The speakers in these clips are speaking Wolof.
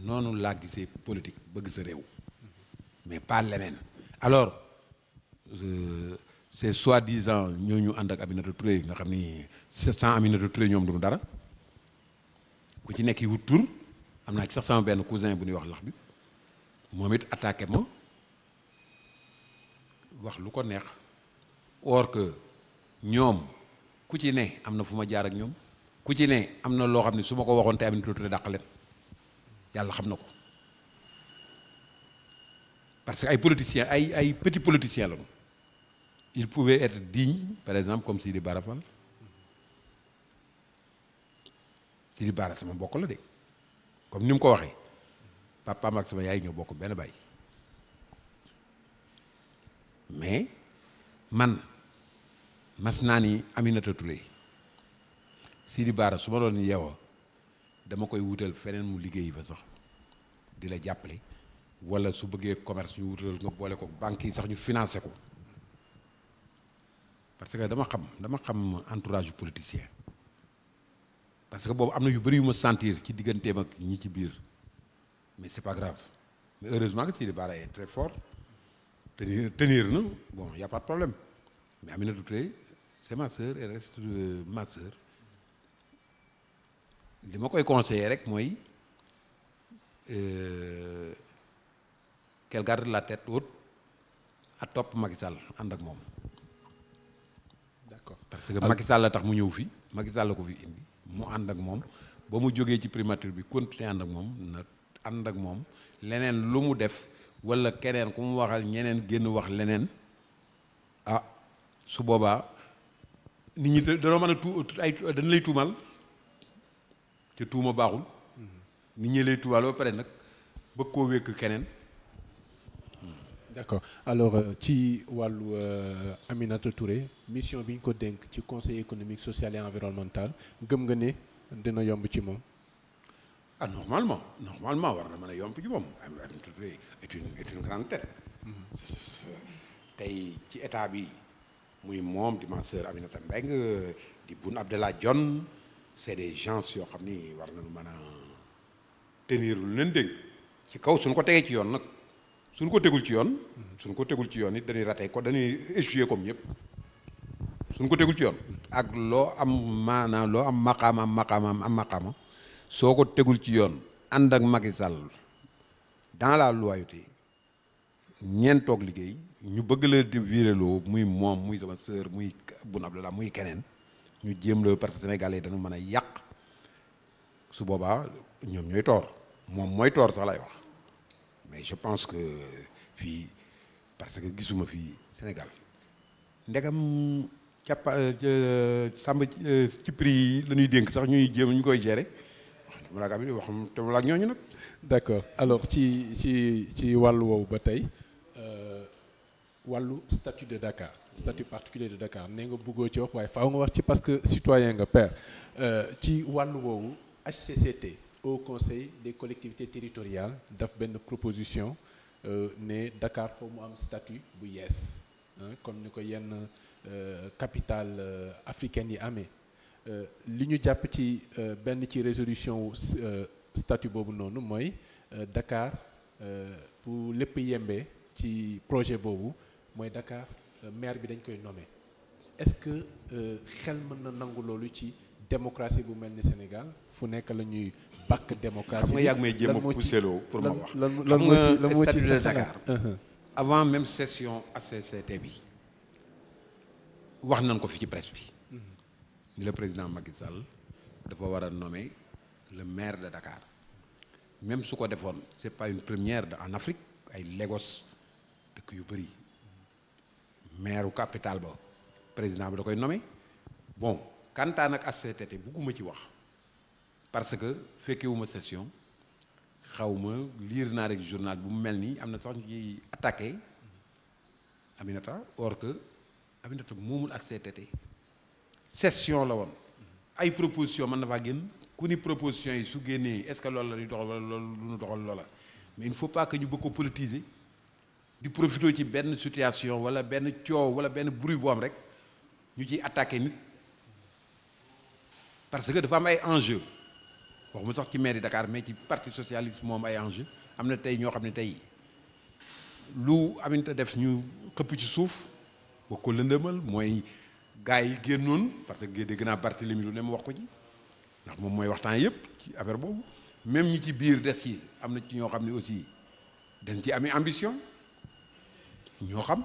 noonu laa gisee politique bëgg sa réew mais pas leneen alors c'est soi-disant ñooñu ànd ak Aminata Touré yi nga xam ni sans Aminata Touré ñoom duñu dara ku ci nekk yi wut tur am naa ci sax sama benn cousin bu ñuy wax lax bi moom it attaqué ma wax lu ko neex or que ñoom ku ci ne am na fu ma jaar ak ñoom ku ci ne am na loo xam ne su ma ko waxoon te am na tuuti dàqaleen yàlla xam na ko parce que ay politiciens ay ay petits politiciens lañu il pouvait être digne par exemple comme si di Bara Fall di Bara sama mbokk la de comme ni mu ko waxee papaam ak sama yaay ñoo bokk benn baay mais man mas naa ni natatule Touré di Bara su ma doon yeewoo dama koy wutal feneen mu liggéey fa sax di la jàppale wala su bëggee commerce ñu wutal nga boole ko banque yi sax ñu financé ko parce que dama xam dama xam entourage politicien parce que boobu am na yu bëri yu ma sentir ci digganteem ak ñi ci biir mais c'est pas grave mais heureusement que Sidi Bara très fort tenir na bon y a mais Aminata Touré c'est ma sœur et reste euh, li ma koy conseiller rek mooy euh, qu'elle garde la tête haute a ànd ak moom. d'accord parce que Macky Sall tax mu ñëw fii Macky la ko fi indi. mu ànd ak moom ba mu jógee ci primature bi continuer ànd ak moom na ànd ak moom leneen lu mu def walla keneen ku mu waxal ñeneen génn wax leneen ah su boobaa nit ñi danoo mën a tu ay lay tuumal te tuuma baaxul mm-hmm. nit ñi lay tuumal ba pare nag bëgg koo wékk keneen d'accord alors euh, ci wàllu euh, Aminata Touré mission bi ñu ko dénk ci conseil économique social et environnemental gëm nga ne dina yomb ci moom. ah normalement normalement war na mën a yomb ci moom Aminata Touré est mm-hmm. tey ci état bi muy moom di ma sœur Aminata Mbengue di Boun Abdallah Dionne c'est des gens yoo xam ni war na lu mën a tenir lu leen dénk ci kaw suñu ko tegee ci yoon nag. suñ ko tegul ci yoon suñ ko tegul ci yoon it dañuy rate ko dañuy échoué comme ñëpp suñ ko tegul ci yoon ak loo am maanaa loo am maqaama am maqaama am maqaama soo ko tegul ci yoon ànd ak Macky Sall dans la loyauté liggéey ñu bëgg la di viréloo muy moom muy sama sœur muy Boun Abdallah muy keneen ñu jéem la parce que Sénégalais yi dañu mën a yàq su boobaa ñoom ñooy toor moom mooy toor sax lay wax mais je pense que fii parce que gisuma fii Sénégal ndegam cappa euh, euh, sàmb euh, ci prix yi la ñuy dénk sax ñuy jéem ñu koy gérer wax dëgg bi waxum te mu laag ñooñu nag. d'accord alors ci ci ci wàllu woowu ba tey wàllu statut de Dakar statut particulier de Dakar nee nga bëggoo ci wax waaye faaw nga wax ci parce que citoyen nga père ci wàllu woowu HCCT. au conseil des collectivités territoriales daf benn proposition euh, ne Dakar foo mu am statut bu yees comme ni ko yenn euh, capitale euh, africaine yi amee li ñu jàpp ci benn ci résolution statut boobu noonu mooy Dakar bu lépp yembee ci projet boobu mooy Dakar maire bi dañ koy nommer est-ce que xel mën na nangu loolu ci démocratie bu mel ni Sénégal fu nekk la ñuy bakk démocratie. lan moo ci lan moo pour ma wax. lan moo ci lan moo ci statut de Dakar. Uh-huh. avant même session HCCT bi wax nañ ko fi ci presse bi. ni uh-huh. le président Macky Sall dafa war a nome le maire de Dakar même su ko defoon c'est pas une première en Afrique ay Lagos dëkk yu bëri maire capital ba président bi da koy nome kantaan ak HCCT bugguma ci wax parce que fekkewuma session xaw ma liir naa rek journal bu mu mel nii am na sax ñu ciy attaqué Aminata or que Aminata moomul HCCT session la woon ay proposition man na faa génn ku ni proposition yi su génnee est-ce que loolu la ñuy doxal wala loolu lu ñu doxal loola mais il faut pas que ñu bëgg ko politiser di profité ci benn situation wala benn coow wala benn bruit bu am rek ñu ci attaqué nit parce que dafa am ay enjeu mu sax ci mairie Dakar mais ci parti socialiste moom ay enjeu am na tey ñoo xam ne tey lu Aminata def ñu xëpp ci suuf ba ko lëndëmal mooy gars yi génnoon parce que dégg naa Barthélemy lu ne mu wax ko ci ndax moom mooy waxtaan yëpp ci affaire boobu même ñi ci biir des yi am na ci ñoo xam ne aussi dañ ci amee ambition ñoo xam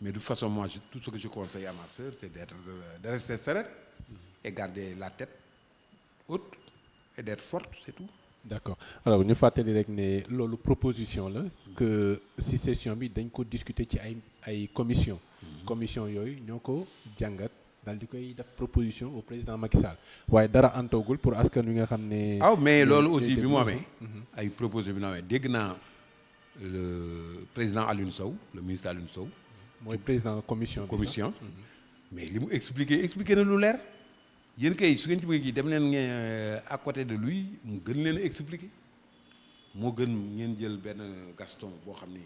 mais du toute façon moi tout ce que je conseille à c'est d'être de rester sereine et garder la tête haute et d'être forte c'est tout d'accord alors ñu fàttali rek ne loolu proposition la que si session bi dañ ko discuter ci ay ay commission mhm. commission yooyu ñoo ko jàngat daal di koy def proposition au président Macky waaye dara antoogul pour askan wi nga xam ne aw ah, mais loolu aussi bi mu amee mhm. ay proposition bi mu amee dégg naa le président Alioune Sow le ministre Alioune Sow mooy président commission commission mhm. mais li mu expliqué expliqué na yéen kay su ngeen ci bëggee kii dem leen ngeen euh, à côté de lui mu gën leen a moo gën ngeen jël benn Gaston boo xam ni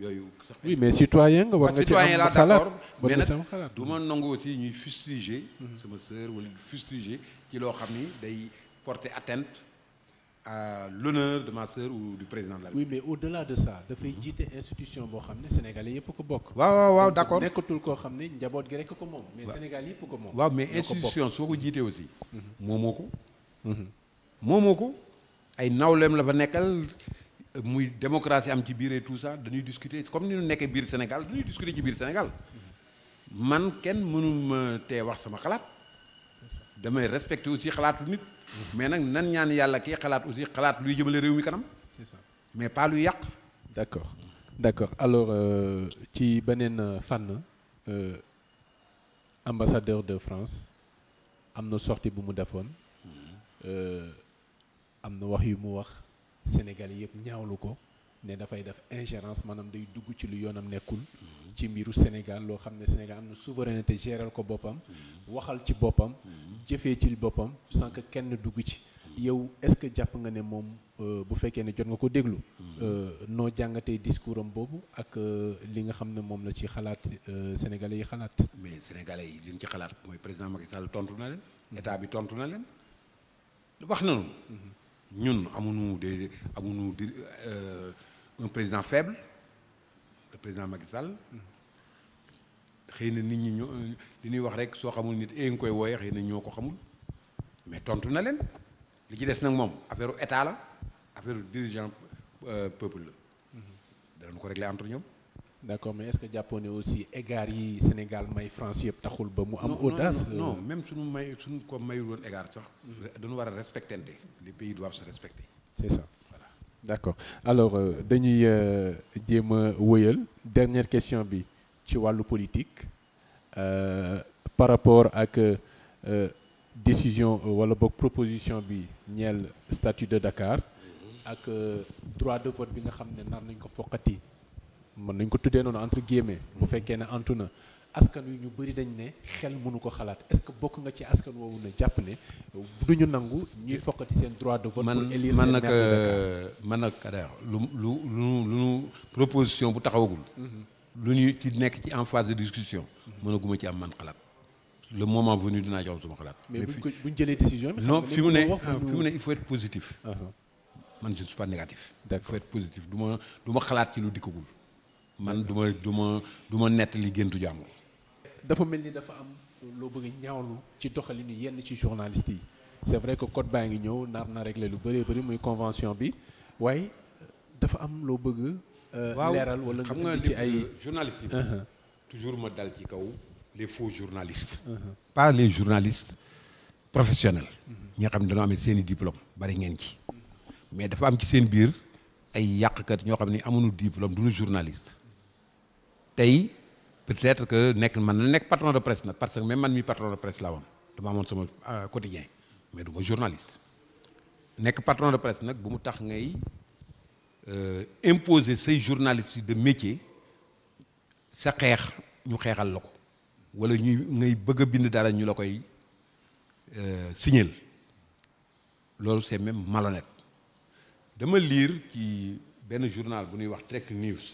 yooyu. oui mais citoyen nga war nga ci am xalaat mais nag du ma nangu aussi ñuy fustiger. Mhm. sama sœur wala fustiger ci loo xam ni day porter atteinte. à l'honneur de ma sœur ou du président la République. au-delà de ça dafay mhm. jiite institution boo xam ne Sénégal yëpp ko bokk. waaw waaw waaw d'accord nekkatul koo xam ne njaboot gi rek ko moom. mais Sénégal yëpp ko moom. waaw mais institution soo ko jiitee aussi. Mhm. moomoo ko. Mhm. moomoo ko ay nawleem la fa nekkal muy démocratie am ci biir et tout ça dañuy discuter comme ni ñu nekkee biir Sénégal dañuy discuter ci biir Sénégal man kenn mënul te wax sama xalaat. damay respecté aussi xalaatu nit mais nag nan ñaan yàlla kii xalaat aussi xalaat luy jëmale réew mi kanam c'est ça mais pas luy yàq d'accord d'accord alors euh, ci beneen euh, fànn euh, ambassadeur de France am na sortie bu mu defoon am na wax yu mu wax Sénégal yëpp ñaawlu ko ne dafay def ingérence maanaam day dugg ci lu yoonam nekkul ci mbiru Sénégal loo xam ne Sénégal am na souveraineté geral ko boppam waxal ci boppam jëfee ci boppam sans que kenn dugg ci yow est-ce que jàpp nga ne moom euh, bu fekkee ne jot nga ko déglu mm-hmm. euh, noo jàngatee discours am boobu ak euh, li nga xam ne moom la ci xalaat sénégalais yi xalaat mais sénégalais yi liñ ci xalaat mooy président Macky Sall tontu na leen mm-hmm. état bi tontu na leen wax nanu mm-hmm. ñun amuñu de amuñu di un président faible le président Macky Sall xëy na nit ñi ñoo li ñuy wax rek soo xamul nit ee nga koy wooyee xëy na ñoo ko xamul mais tontu na leen li ci des nag moom affaire état la affaire dirigeant euh, peuple la. danañ ko régler entre ñoom. d' accord mais est ce que jàppoon ne aussi égard yi Sénégal may France yëpp taxul ba mu am. audace non même suñu may suñu ko mayul woon égard sax. dañu war a respectante les pays doivent se respecter. c' est d'accord alors euh, dañuy euh, jéem a wëyal dernière question bi ci wàllu politique euh, par rapport ak décision wala boog proposition bi ñeel statut de Dakar ak droit de vote bi nga xam ne nar nañ ko foqati mën nañ ko tuddee noonu entre guillemets bu fekkee ne antu na askan wi ñu bëri dañ ne xel mënu ko xalaat est-ce que bokk nga ci askan woowu na jàpp ne euh, du ñu nangu ñuy fokkati seen droit de vote. pour élire man nag euh, man ak Kader lu lu lu lu proposition bu taxawagul. Mhm. lu ñu ci nekk ci en phase de discussion. Mhm. mënaguma ci am man xalaat. le moment venu dinaa jox sama xalaat. mais buñ ko buñ jëlee décision bi. non fi mu ne ah, fi mu ne il faut être positif. Uh-huh. man je ne suis négatif. il faut être positif du ma du ma xalaat ci lu dikkagul. man du ma du ma du ma nett lii géntu jàmbur. dafa mel ni dafa am loo bëgg ñaawlu ci doxalinu yenn ci journaliste yi c'est vrai que code baa ngi ñëw nar na régler lu bare bëri muy convention bi waaye dafa am loo bëgg. Euh, leeral wala nga xam nga ci ay euh, journaliste yi. Uh-huh. toujours dal ci kaw les faux journalistes. Uh-huh. pas les journalistes professionnels. Uh-huh. ñi xam ne dañoo seen i diplôme bari ngeen ci. mais dafa am ci seen biir ay yàqkat ñoo xam ne amuñu diplôme duñu journaliste tey. peut-être que nekk man na nekk patron de presse nag parce que même man mi patron de presse laa woon dama amoon sama euh, quotidien mais du ma journaliste nekk patron de presse nag bu mu tax ngay euh, imposer say journalistes de métier sa xeex ñu xeexal la ko wala ñuy ngay bëgg a bind dara ñu la koy euh, signal loolu c'est même malhonnête dama lire ci benn journal bu nuy wax Trek News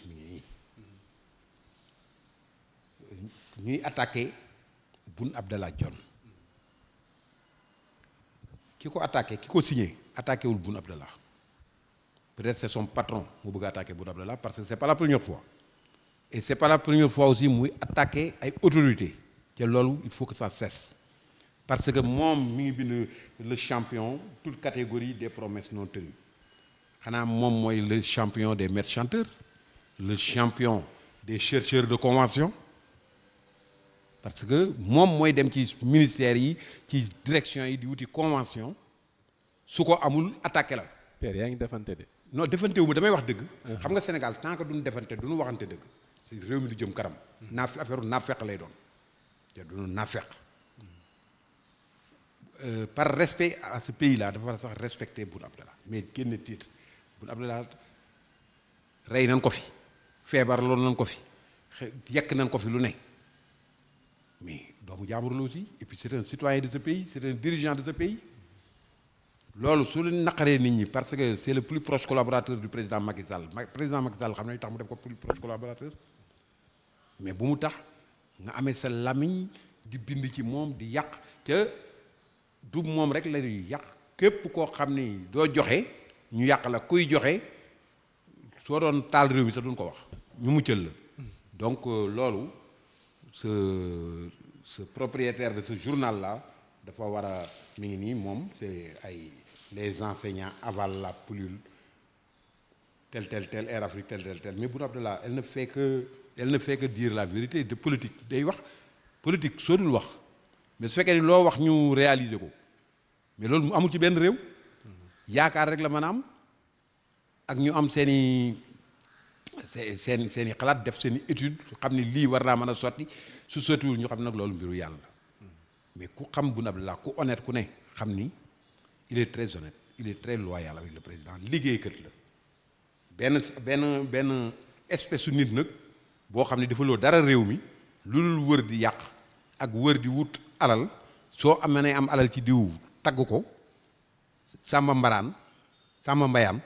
ñuy attaqué Boun Abdallah Dionne ki ko attaqué ki ko signé attaqué wul Boun Abdallah peut-être c'est son patron mu bëgg a attaqué Boun Abdallah parce que c'est pas la première fois et c'est pas la première fois aussi muy attaqué ay autorités te loolu il faut que ça cesse parce que moom mi ngi bind le champion toute catégorie des promesses non tenues xanaa moom mooy le champion des maîtres chanteurs le champion des chercheurs de convention parce que moom mooy dem ci ministère yi ci direction yi di wuti convention su ko amul attaqué la. per yaa ngi defante de. non defante wu damay wax dëgg. xam nga Sénégal tant que duñ defante duñu waxante dëgg. si réew mi du jëm kanam. naaf affaire naafeq lay doon du te duñu naafeq. Euh, par respect à ce pays là dafa war a sax respecter Boun Abdallah mais génn titre Boun Abdallah rey nañ ko fi feebar loolu nañ ko fi yekk nañ ko fi lu ne. mais doomu jàmbur la aussi et puis c'est un citoyen de ce pays c'est un de ce pays loolu su leen naqaree nit ñi parce que c'est le plus proche collaborateur du président Macky Sall président Macky Sall xam ne tax mu def ko plus proche collaborateur mais bu mu tax nga amee sa lamiñ di bind ci moom di yàq ca du moom rek la yàq képp koo xam ni doo joxe ñu yàq la kuy joxe soo doon taal réew mi sax duñ ko wax ñu mu muccal la donc euh, loolu ce ce propriétaire de ce journal la dafa war a mi ngi nii moom c'est ay les enseignants avalent la pilule tel tel tel Air Afrique tel tel tel mais Boun Abdallah elle ne fait que elle la vérité de politique day wax politique soo dul wax mais su ni loo wax ñu réaliser ko mais loolu mu amul ci benn réew yaakaar rek la mën a am ak ñu am seeni seen seen i xalaat def seen i étude xam ne lii war naa mën a sotti su sottiwul ñu xam nag loolu mbiru yàlla mais ku xam Boun Abdallah ku honnête ku ne xam ni il est très honnête il est très loyal avec le président liggéeykat la benn benn benn espèce su nit nag boo xam ne dafa dara réew mi lu dul wër di yàq ak wër di wut alal soo amee am alal ci diw tagg ko sàmba mbaraan sàmba mbayaan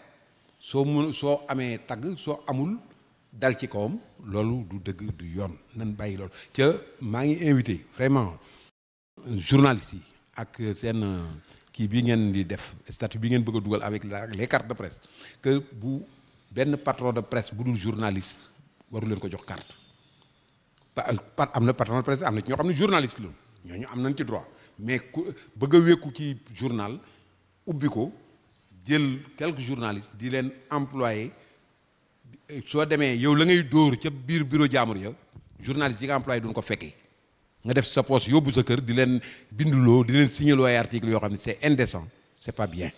soo mun soo amee tagg soo amul dal ci kawam loolu du dëgg du yoon nan bàyyi lool ca maa ngi invité vraiment journalistes yi ak seen euh, kii bi ngeen di def statut bi ngeen bëgg dugal avec la les cartes de presse que bu benn patron de presse bu dul journaliste waru leen ko jox carte pa euh, am na patron de presse am na ñoo xam ne journaliste la ñooñu am nañ ci droit mais ku bëgg a wékku ci journal ubbi ko jël quelques di leen employé soo demee yow la ngay dóor ca biir bureau jaamur yow journalistes yi nga employé duñ ko fekkee nga def sa poste yóbbu sa kër di leen binduloo di leen signaloo ay articles yoo xam ne c'est indécent c'est pas bien